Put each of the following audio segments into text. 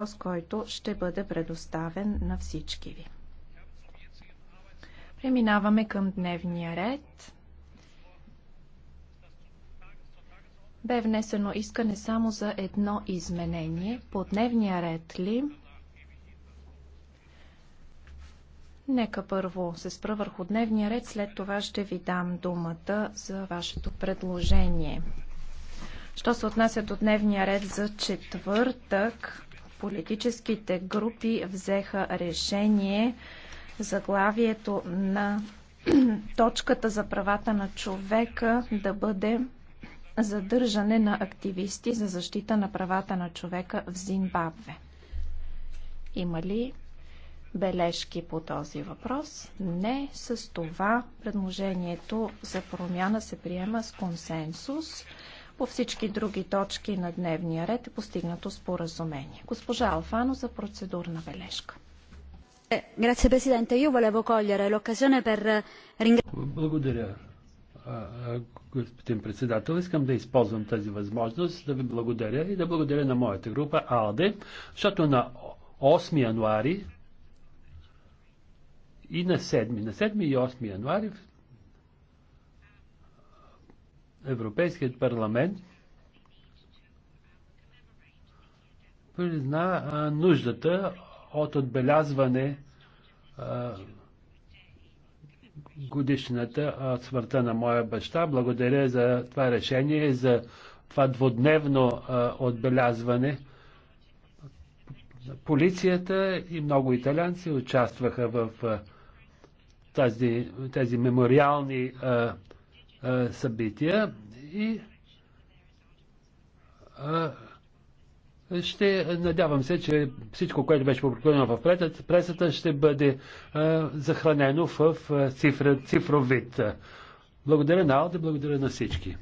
въпрос, който ще бъде предоставен на всички ви. Преминаваме към дневния ред. Бе внесено искане само за едно изменение. По дневния ред ли? Нека първо се спра върху дневния ред, след това ще ви дам думата за вашето предложение. Що се отнася до дневния ред за четвъртък, политическите групи взеха решение заглавието на точката за правата на човека да бъде задържане на активисти за защита на правата на човека в Зимбабве. Има ли бележки по този въпрос? Не. С това предложението за промяна се приема с консенсус. По всички други точки на дневния ред е постигнато споразумение. Госпожа Алфано за процедурна бележка. Е, е е, благодаря, господин председател. Искам да използвам тази възможност да ви благодаря и да благодаря на моята група АЛДЕ, защото на 8 януари и на 7, на 7 и 8 януари Европейският парламент призна а, нуждата от отбелязване а, годишната от смъртта на моя баща. Благодаря за това решение, за това дводневно а, отбелязване. Полицията и много италянци участваха в а, тази, тези мемориални а, събития и ще надявам се, че всичко, което беше публикувано в пресата, ще бъде захранено в цифра, цифров вид. Благодаря на Алде, благодаря на всички.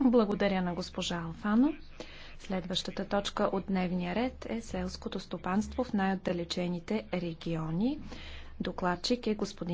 Благодаря на госпожа Алфано. Следващата точка от дневния ред е селското стопанство в най-отдалечените региони. Докладчик е господин